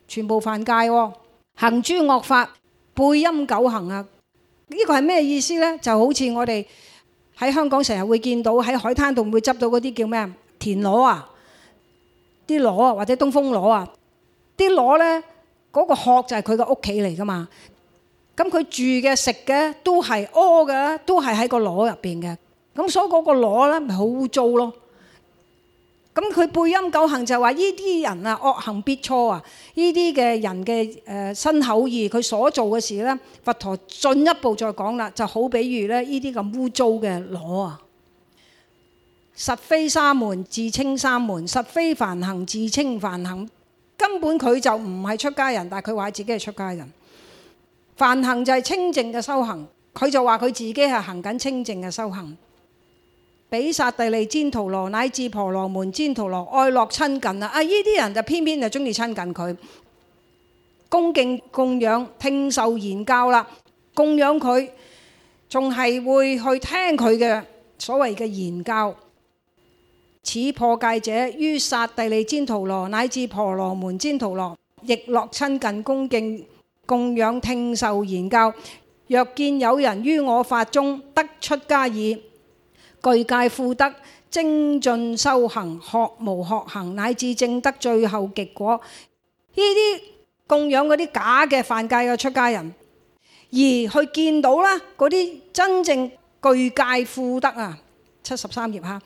全部犯戒喎，哦。行諸惡法、貝音狗行啊！呢個係咩意思呢？就好似我哋喺香港成日會見到喺海灘度會執到嗰啲叫咩田螺啊，啲螺啊或者東風螺啊，啲螺呢，嗰個殼就係佢嘅屋企嚟噶嘛。咁佢住嘅食嘅都係屙嘅，都係喺個螺入邊嘅。咁所以嗰個螺呢，咪好污糟咯。咁佢貝音狗行就話：呢啲人啊，惡行苾芻啊！呢啲嘅人嘅誒身口意，佢所做嘅事呢，佛陀進一步再講啦，就好比如咧，呢啲咁污糟嘅攞啊，實非沙門，自稱沙門，實非梵行，自稱梵行，根本佢就唔係出家人，但係佢話自己係出家人。梵行就係清淨嘅修行，佢就話佢自己係行緊清淨嘅修行。彼剎帝利旃荼羅，乃至婆羅門旃荼羅，愛樂親近啊！啊，呢啲人就偏偏就中意親近佢，恭敬供養、聽受言教啦。供養佢，仲係會去聽佢嘅所謂嘅言教。此破戒者於剎帝利旃荼羅，乃至婆羅門旃荼羅，亦樂親近，恭敬供養，聽受言教。若見有人於我法中得出家已。具戒富德，精進修行學無學行，乃至證得最後極果，呢啲供養嗰啲假嘅犯戒嘅出家人，而去見到啦，嗰啲真正具戒富德啊，七十三頁哈，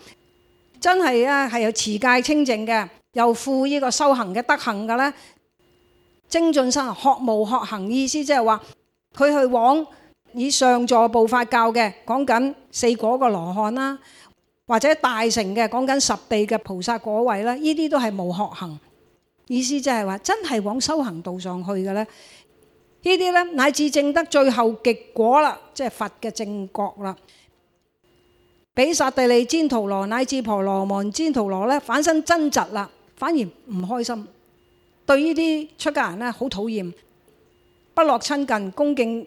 真係啊，係有持戒清淨嘅，又富呢個修行嘅德行嘅咧，精進修行學無學行，意思即係話佢去往。以上座部法教嘅，講緊四果嘅羅漢啦，或者大乘嘅，講緊十地嘅菩薩果位啦，呢啲都係無學行。意思即係話，真係往修行道上去嘅呢，呢啲呢，乃至證得最後極果啦，即係佛嘅正覺啦。彼剎帝利旃荼羅乃至婆羅門旃荼羅呢，反生憎嫉啦，反而唔開心，對呢啲出家人呢，好討厭，不樂親近恭敬。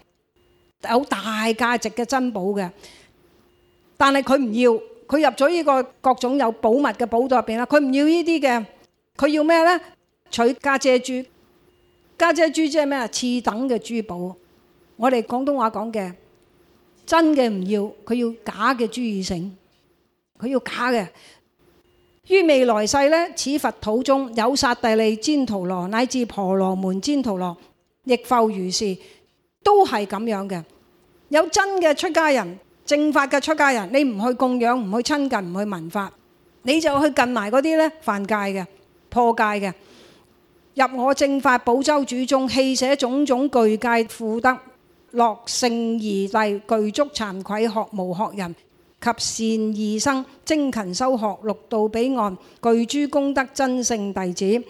有大價值嘅珍寶嘅，但係佢唔要，佢入咗呢個各種有寶物嘅寶袋入邊啦。佢唔要呢啲嘅，佢要咩呢？取迦遮珠，迦遮珠即係咩啊？次等嘅珠寶。我哋廣東話講嘅真嘅唔要，佢要假嘅珠玉成，佢要假嘅。於未來世呢，此佛土中有剎帝利旃荼羅乃至婆羅門旃荼羅，亦復如是。都係咁樣嘅，有真嘅出家人，正法嘅出家人，你唔去供養，唔去親近，唔去聞法，你就去近埋嗰啲咧犯戒嘅、破戒嘅。入我正法寶洲渚中棄捨種種具戒富德，樂勝義諦具足慚愧學無學人及善異生精勤修學六到彼岸具諸功德真聖弟子。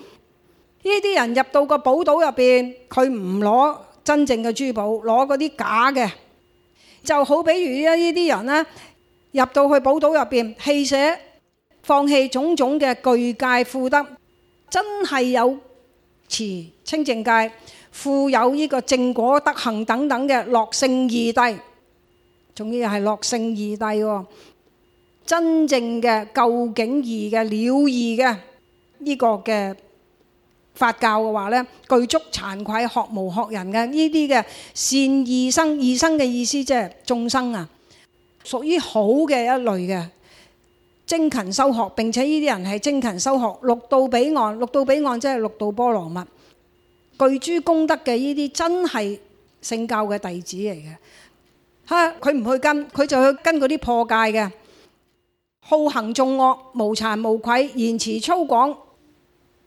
呢啲人入到個寶島入邊，佢唔攞。真正嘅珠寶，攞嗰啲假嘅，就好比如呢呢啲人呢，入到去寶島入邊，棄捨放棄種種嘅具戒富德，真係有持清淨戒，富有呢個正果德行等等嘅樂勝義諦，仲要係樂勝義諦，真正嘅究竟義嘅了義嘅呢個嘅。法教嘅話呢，具足慚愧、學無學人嘅呢啲嘅善異生異生嘅意思，即係眾生啊，屬於好嘅一類嘅精勤修學，並且呢啲人係精勤修學六到彼岸，六到彼岸即係六度波羅蜜，具諸功德嘅呢啲真係聖教嘅弟子嚟嘅。嚇、啊，佢唔去跟，佢就去跟嗰啲破戒嘅，好行眾惡、無慚無愧、言辭粗獷。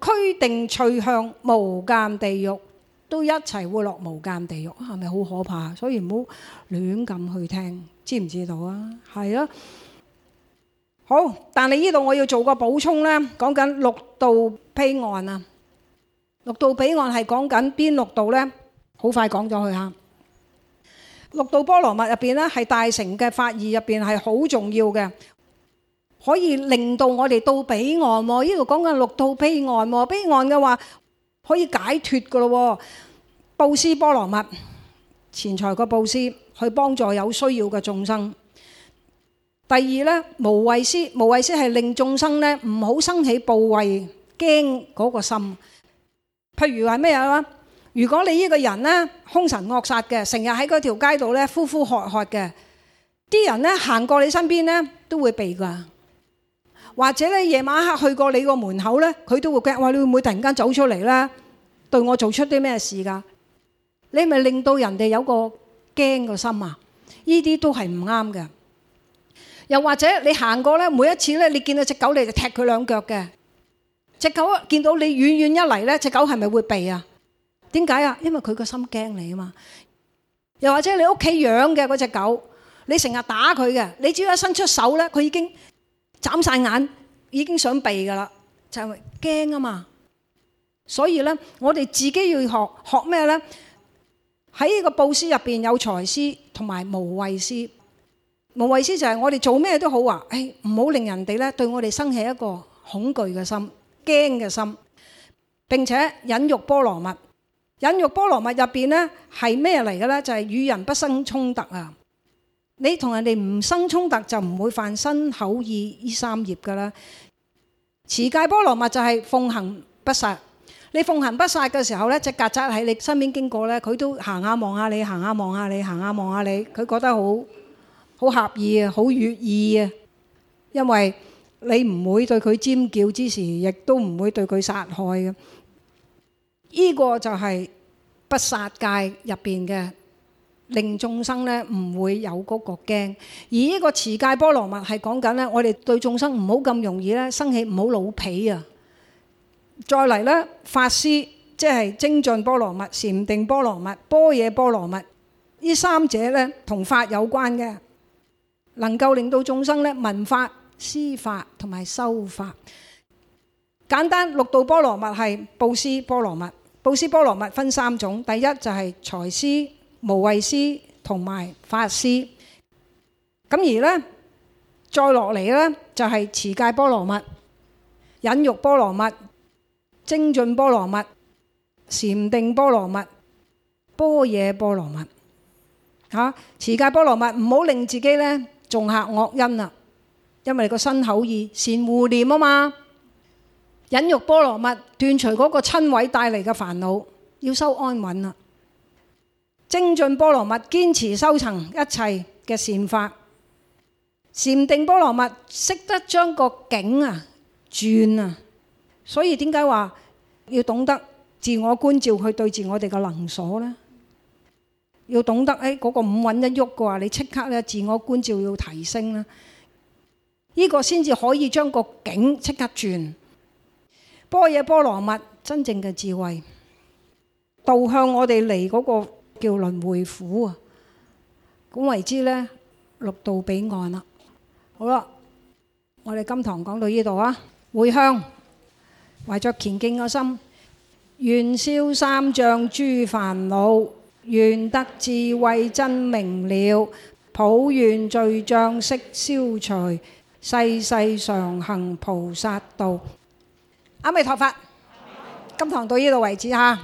俱定趣向無間地獄都一齊會落無間地獄，係咪好可怕？所以唔好亂咁去聽，知唔知道啊？係咯，好。但係呢度我要做個補充咧，講緊六到彼岸啊。六到彼岸係講緊邊六道咧？好快講咗佢吓。六道波羅蜜入邊咧，係大乘嘅法義入邊係好重要嘅。可以令到我哋到彼岸喎，呢度講緊六度彼岸喎，彼岸嘅話可以解脫噶咯。佈施波羅蜜，錢財個佈施去幫助有需要嘅眾生。第二咧，無畏施，無畏施係令眾生咧唔好生起怖畏驚嗰個心。譬如話咩嘢啊？如果你呢個人咧兇神惡煞嘅，成日喺嗰條街度咧呼呼喝喝嘅，啲人咧行過你身邊咧都會避㗎。或者咧夜晚黑去過你個門口咧，佢都會驚，話，你會唔會突然間走出嚟，咧？對我做出啲咩事噶？你咪令到人哋有個驚個心啊！呢啲都係唔啱嘅。又或者你行過咧，每一次咧，你見到隻狗你就踢佢兩腳嘅。隻狗見到你遠遠一嚟咧，隻狗係咪會避啊？點解啊？因為佢個心驚你啊嘛。又或者你屋企養嘅嗰隻狗，你成日打佢嘅，你只要一伸出手咧，佢已經。眨曬眼，已經想避㗎喇，就係驚啊嘛。所以呢，我哋自己要學學咩呢？喺呢個布施入邊有財施同埋無畏施。無畏施就係我哋做咩都好話，誒，唔好令人哋呢對我哋生起一個恐懼嘅心、驚嘅心。並且忍辱波羅蜜，忍辱波羅蜜入邊呢係咩嚟嘅呢？就係與人不生衝突啊！你同人哋唔生衝突就唔會犯身口意呢三業噶啦。持戒波羅蜜就係奉行不殺。你奉行不殺嘅時候呢，隻曱甴喺你身邊經過呢，佢都行下望下你，行下望下你，行下望下你，佢覺得好好合意啊，好悅意啊，因為你唔會對佢尖叫之時，亦都唔會對佢殺害嘅。呢、這個就係不殺戒入邊嘅。令眾生咧唔會有嗰個驚，而依個持戒波羅蜜係講緊咧，我哋對眾生唔好咁容易咧生氣，唔好老皮啊。再嚟咧，法師即係精進波羅蜜、禪定波羅蜜、般若波羅蜜，依三者咧同法有關嘅，能夠令到眾生咧聞法、思法同埋修法。簡單六度波羅蜜係佈施波羅蜜，佈施波羅蜜分三種，第一就係財施。無畏師同埋法師，咁而呢，再落嚟呢，就係、是、持戒波羅蜜、忍辱波羅蜜、精進波羅蜜、禪定波羅蜜、般若波羅蜜。嚇！持、啊、戒波羅蜜唔好令自己呢，種下惡因啊，因為個身口意善護念啊嘛。忍辱波羅蜜斷除嗰個瞋恚帶嚟嘅煩惱，要收安穩啊。精進波羅蜜，堅持修習一切嘅善法；禪定波羅蜜，識得將個境啊轉啊。嗯、所以點解話要懂得自我觀照去對治我哋嘅能所呢？要懂得喺嗰、哎那個五蘊一喐嘅話，你即刻咧自我觀照要提升啦。呢、這個先至可以將個境即刻轉。般若波羅蜜，真正嘅智慧，導向我哋嚟嗰個。叫輪回苦啊，咁為之呢六度彼岸啦。好啦，我哋今堂講到呢度啊，回向，懷着虔敬嘅心，願消三障諸煩惱，願得智慧真明了，普願罪障悉消除，世世常行菩薩道。阿彌陀佛，今堂到呢度為止吓。